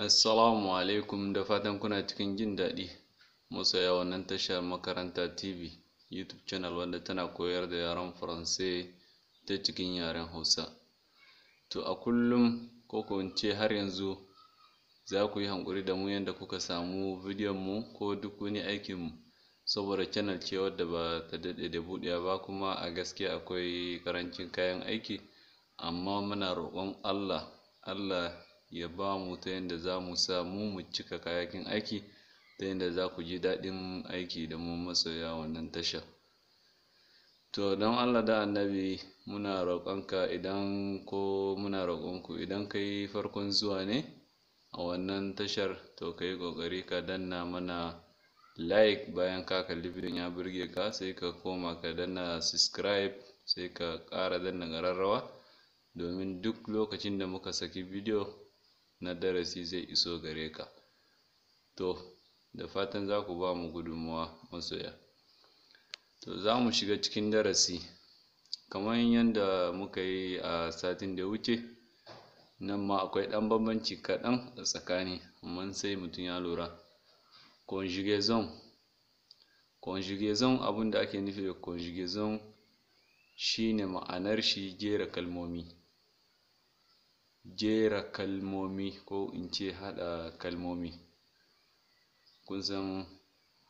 Assalamu alaikum da fatan kuna cikin jin daɗi. Musaya wannan tashar makaranta TV YouTube channel wanda tana koyar da yaren Faransai ta cikin yaren Hausa. To a kullum ko ko ce har yanzu za ku yi hankuri da mu yadda kuka samu bidiyon mu ko duk wani aikin mu saboda channel ce wadda ba ta daɗe da buɗewa ba kuma a gaskiya akwai karancin kayan aiki amma muna roƙon Allah Allah ya ba mu ta yadda za mu sa mu mu cika kayakin aiki ta yadda za ku ji daɗin aiki da mu masoya wannan tashar to don allah da annabi muna roƙonka idan ko muna roƙonku idan ka yi farkon zuwa ne a wannan tashar to ka yi ƙoƙari ka danna mana like bayan ka kalli bidiyon ya burge ka sai ka koma ka danna subscribe sai ka ƙara danna ƙararrawa domin duk lokacin da muka saki bidiyo na darasi zai iso gare ka to da fatan za ku ba mu gudunmawa masoya to za mu shiga cikin darasi kamar yadda muka yi a satin da wuce nan ma akwai ɗan bambanci kaɗan a tsakani amma sai mutum ya lura conjugaison conjugaison abin da ake nufi da conjugaison shine ma'anar shi gera kalmomi jera kalmomi ko in ce haɗa kalmomi kun san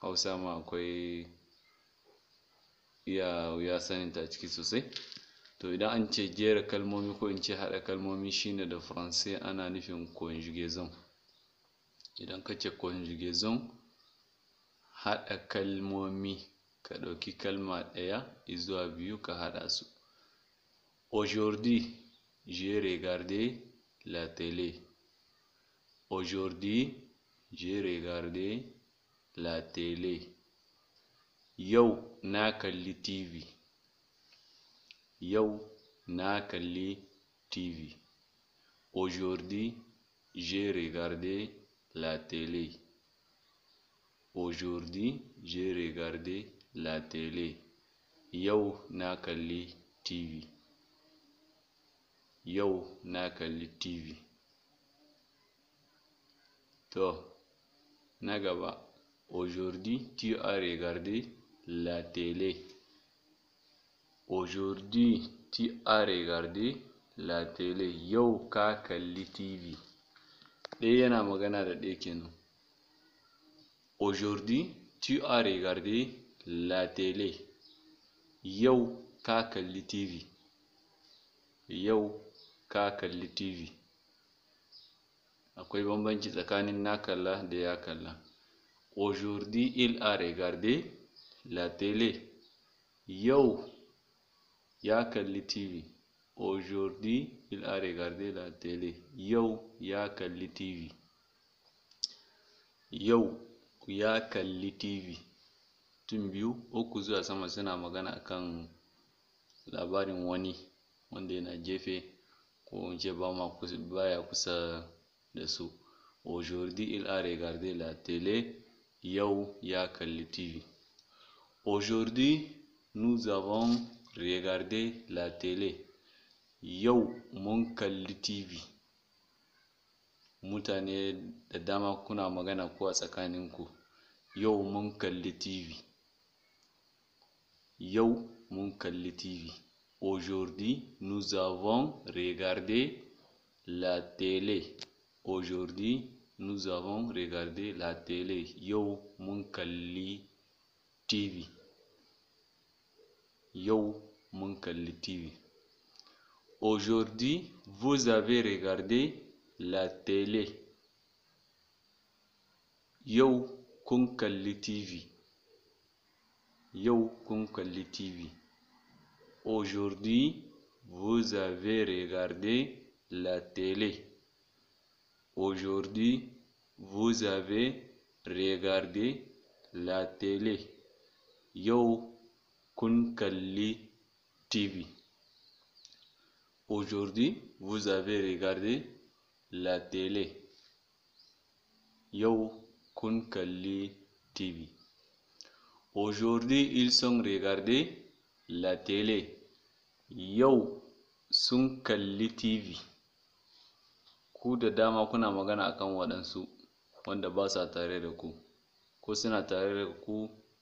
hausa ma akwai iya wuya saninta a ciki sosai to idan an ce jera kalmomi ko in ce haɗa kalmomi shine da faransai ana nufin conjugaison idan ka ce conjugaison haɗa kalmomi ka ɗauki kalma ɗaya izuwa biyu ka haɗa su aujourd'hui J'ai regardé la télé. Aujourd'hui, j'ai regardé la télé. Yau na kalli TV. Yau na kalli TV. Aujourd'hui, j'ai regardé la télé. Aujourd'hui, j'ai regardé la télé. Yau na kalli TV. Yau na kalli TV. To, na gaba. Aujourd'hui, tu as regardé la télé. Aujourd'hui, tu as regardé la télé. Yau ka kalli TV. Ɗaya yana magana da ɗaya kenan. Aujourd'hui, tu as regardé la télé. Yau ka kalli TV. Yau ka kalli TV akwai bambanci tsakanin na kalla da ya kalla aujourd'hui il a regardé la télé yau ya kalli TV aujourd'hui il a regardé la télé yau ya kalli TV yau ya kalli TV tun biyu uku zuwa sama suna magana akan labarin wani wanda yana gefe ko in ce ba ma baya kusa da su aujourd'hui il a regardé la télé yau ya kalli tv aujourd'hui nous avons regardé la télé yau mun kalli tv mutane da dama kuna magana ko a tsakaninku yau mun kalli tv yau mun kalli tv Aujourd'hui, nous avons regardé la télé. Aujourd'hui, nous avons regardé la télé. Yo mon TV. Yo TV. Aujourd'hui, vous avez regardé la télé. Yo TV. Yo TV. Aujourd'hui, vous avez regardé la télé. Aujourd'hui, vous avez regardé la télé. Yo Kunkali TV. Aujourd'hui, vous avez regardé la télé. Yo Kunkali TV. Aujourd'hui, ils sont regardés la tele yau sun kalli TV ku da dama kuna magana a kan waɗansu wanda ba sa tare da ku ko suna tare da ku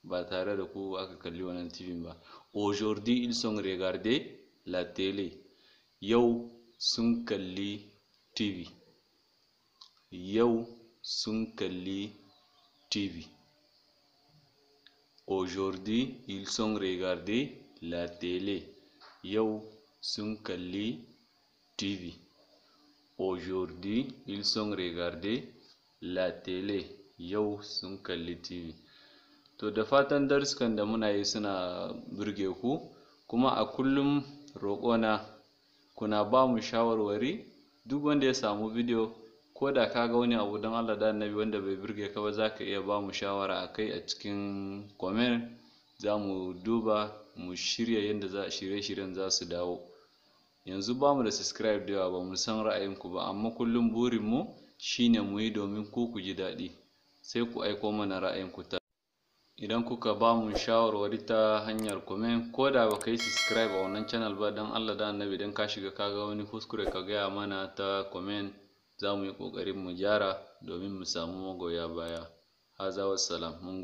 ba tare da ku aka kalli wannan TV ba aujourd'hui ils sont regardé la tele yau sun kalli TV yau sun kalli TV aujourd'hui ils sont regardé la tele Yau sun kalli TV. Aujourd'hui, ils sont regardé la tele Yau sun kalli TV. To da fatan daruskan da muna yi suna burge ku, kuma a kullum roƙona kuna ba mu shawarwari duk wanda ya samu bidiyo ko da ka ga wani abu don Allah da annabi wanda bai burge ka ba za ka iya ba mu shawara a kai a cikin comment za mu duba mu shirya yadda za shirye-shiryen za su dawo yanzu ba mu da subscribe da yawa ba mu san ra'ayinku ba amma kullum burinmu shine mu yi domin ku ku ji daɗi sai ku aiko mana ra'ayinku ta idan kuka ba mu shawarwari ta hanyar komen ko da ba ka yi subscribe a wannan channel ba don allah da annabi don ka shiga ka ga wani kuskure ka gaya mana ta komen za mu yi ƙoƙarin mu gyara domin mu samu magoya baya haza wassalam